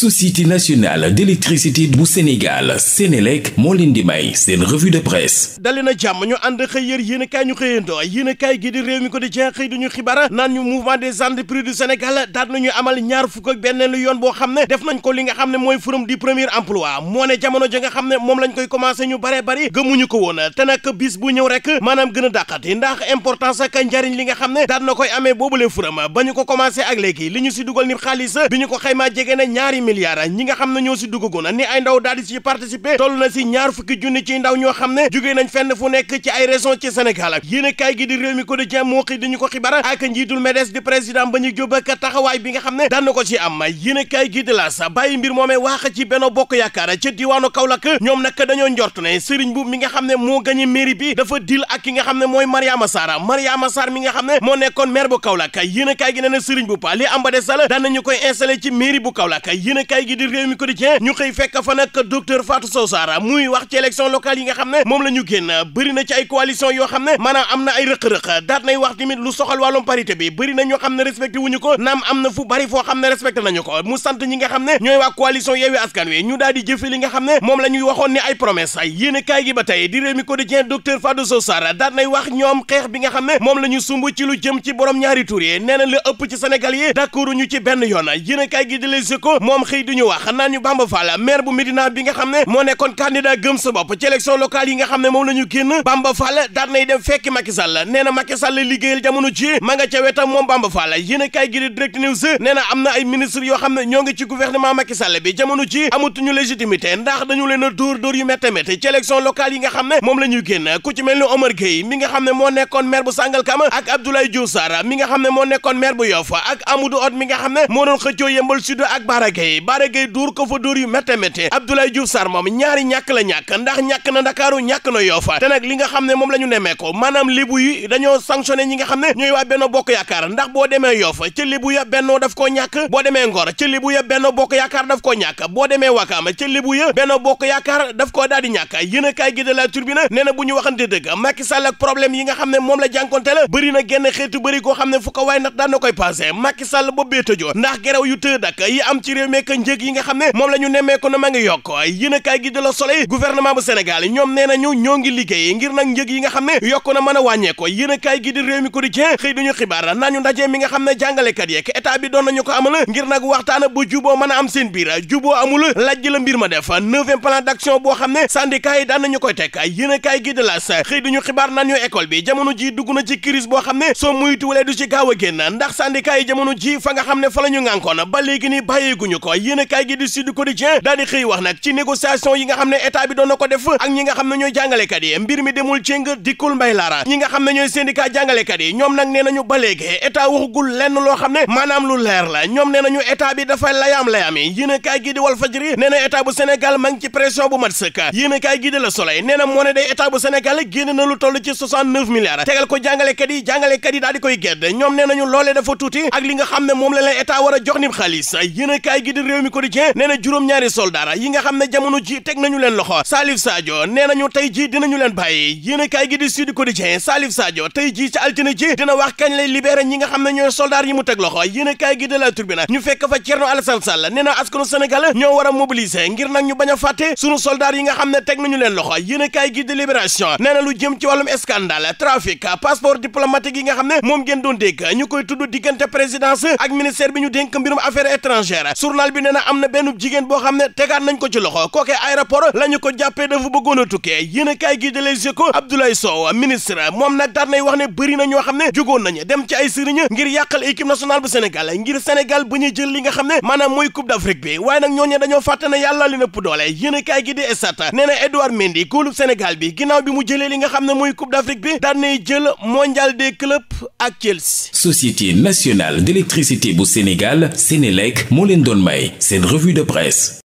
société nationale d'électricité bu Sénégal Sénélec moo leen di may seen revue de presse dali jàmm ñu ànd xëy yër yéen kaay ñu xëyandoo yéen kaay gi di réew mi ko di jeex xëy duñu xibaar naan ñu mouvement des entreprises du Sénégal daal nañu amal ñaar fukk benn lu yoon boo xam ne def nañ ko li nga xam ne mooy forum du premier emploi moom lañ koy commencé ñu bare bari gëmuñu ko woon te nag bis bu ñëw rek maanaam gën a dàqati ndax importance ak njariñ li nga xam ne daal na koy amee boobulee forum milliards ñi nga xam ne ñoo si duggagoon ni ay ndaw daal di si participer toll na si ñaar fukki junni ci ndaw ñoo xam ne jógee nañ fenn fu nekk ci ay région ci Sénégal ak yéen gi di réew mi quotidien ci am yéen a kaay gi di la sa bàyyi mbir moomee waax ci Benno Bokk Yaakaar ca diwaanu Kaolack ñoom nag dañoo njort ne Serigne Mboup mi nga xam ne moo gañe mairie bi dafa dil ak ki nga xam ne mooy Mariama Sarr Mariama Sarr mi nga xam ne moo nekkoon maire yéen a kaay gi di réew mi quotidien ñu xëy muy wax ci élection yi nga xam ne moom la ñu génn bëri na ci ay coalition yoo xam ne maanaam am na ay rëq-rëq daat nay wax tamit lu soxal wàllum parité bi bëri na ñoo xam ne respecté wuñu ko naam am na fu bari foo xam ne respecté nañu ko mu sant ñi nga xam ne ñooy waa coalition Yewwi Askan Wi ñu daal di jëfe li nga xam ne moom la ñuy waxoon ne ay promesse ay yéen a tey di réew mi quotidien docteur Fatou Sow Sarr daat nay wax ñoom xeex bi nga xam ne moom la ñu sumb ci lu jëm ci borom ñaari tur yi nee na ëpp ci Sénégal yi ñu ci benn yoon yéen a kaay gi di Les ko moom xëy duñu wax xanaa ñu Bamba Fall maire bu Médina bi nga xam ne moo nekkoon candidat gëm sa bopp ci élection locale xam ne moom la ñu génn Bamba Fall daan nay dem fekki Macky Sall Sall liggéeyal jamono ji ma nga ca wetam moom Bamba Fall nee na am na ay ministre yoo xam ne ñoo ngi ci gouvernement Macky Sall bi jamono ji ndax dañu leen a dóor dóor yu métte métte nga xam ne moom la ñuy génn ku ci mel ni Omar Gueye mi moo nekkoon maire bu Sangalkam ak Abdoulaye Diouf Sarr mi nga xam ne moo nekkoon maire bu Yoff ak Amadou Hott mi nga xam ne moo doon xëccoo yëmbal sud ak Bara Gueye yi Bara Gaye dóor ko fa dóor yu métte métte Abdoulaye Diouf Sarr moom ñaari ñàkk la ñàkk ndax ñàkk na Ndakaaru ñàkk na Yoff te nag li nga xam ne moom la ñu nemee maanaam lébu yi dañoo ñi nga xam ne ñooy waa Benno Bokk Yaakaar ndax boo demee Yoff ca lébu ya Benno ñàkk boo demee Ngor ca lébu ya Benno Yaakaar daf koo ñàkk boo demee Wakaam ca lébu ya Benno Bokk Yaakaar daf koo daal ñàkk a kaay gi de la turbine nee na bu ñu waxante dëgg Macky Sall ak problème yi nga xam ne moom la jànkonte la bëri na genn xeetu bëri koo xam ne fu ko waay nat daan na koy passé Macky Sall boobee tëjoo ndax gerew yu tëdd ak yi am ci réew mi nekk njëg yi nga xam ne moom la ñu nemmeeku na ma ngi yokk yéen nañu ñoo xam ne yokk na mën a wàññeeko yéen a kaay gi di réew mi quotidien xëy dañu xibaar nañu ndaje nga xam ne jàngalekat yeek état bi doon nañu ko amal ngir nag waxtaan bu juboo mën a am seen biir juboo amul lajj la mbir ma def neuvième plan d'action boo xam ne syndicat yi daan nañu koy teg yéen a kaay xëy dañu xibaar nañu école bi jamono ji dugg na ci crise boo xam ne soo muytuwalee du ci gaaw a génn ndax syndicat yi ji fa nga xam ne fa la ngànkoon ba léegi ni bàyyeeguñu ko ko yéen a kaay gi di Sud Quotidien daal di xëy wax nag ci négociation yi nga xam ne état bi doon na ko def ak ñi nga xam ne ñooy jàngalekat yi mbir mi demul cëng dikkul mbay laara ñi nga xam ne ñooy syndicat jàngalekat yi ñoom nag nee nañu ba léegi état waxugul lenn loo xam ne maanaam lu leer la ñoom nee ñu état bi dafa layaam layaam yi yéen a kaay gi di Walf Fadjri nee na état bu Sénégal ma ngi ci pression bu mat sëkk yéen a kaay gi di Le moo ne day état bu lu toll ci 69 milliards tegal ko jàngalekat yi jàngalekat yi daal di koy gedd ñoom nee nañu loolee dafa tuuti ak li nga xam ne moom la leen état war a jox ni xaalis yéen gi njiital réew mi quotidien nee na juróom-ñaari soldaara yi nga xam ne jamono ji teg nañu leen loxo Salif Sadio nee nañu tey ji dinañu leen bàyyi yéen a kaay di Sud Quotidien Salif Sadio tey ji ci altine ji dina wax kañ lay libéré ñi nga xam ne ñooy soldaar yi mu teg loxo yéen a kaay gi de la ñu fekk fa Thierno Alassane Sall nee na askanu Sénégal ñoo war a ngir nag ñu bañ fàtte sunu soldaar yi nga xam ne teg nañu leen loxo yéen a kaay gi de journal bi nee na am na benn jigéen boo xam ne tegaat nañ ko ci loxo kookee aéroport la ñu ko jàppee dafa bëggoon a tukkee gi de Les Échos Abdoulaye Sow ministre moom nag daat wax ne bëri na ñoo xam ne jógoon nañu dem ci ay sëriñ ngir yàqal équipe nationale bu Sénégal ngir Sénégal bu ñu jël li nga xam ne maanaam mooy coupe d'Afrique bi waaye nag ñooñu dañoo fàtte ne yàlla li nëpp doole yéen a kaay gi di Stades nee na Edouard Mendy góolu Sénégal bi ginnaaw bi mu jëlee li nga xam ne mooy coupe d'Afrique bi daan nay jël mondial des Ndiaye seen revue de presse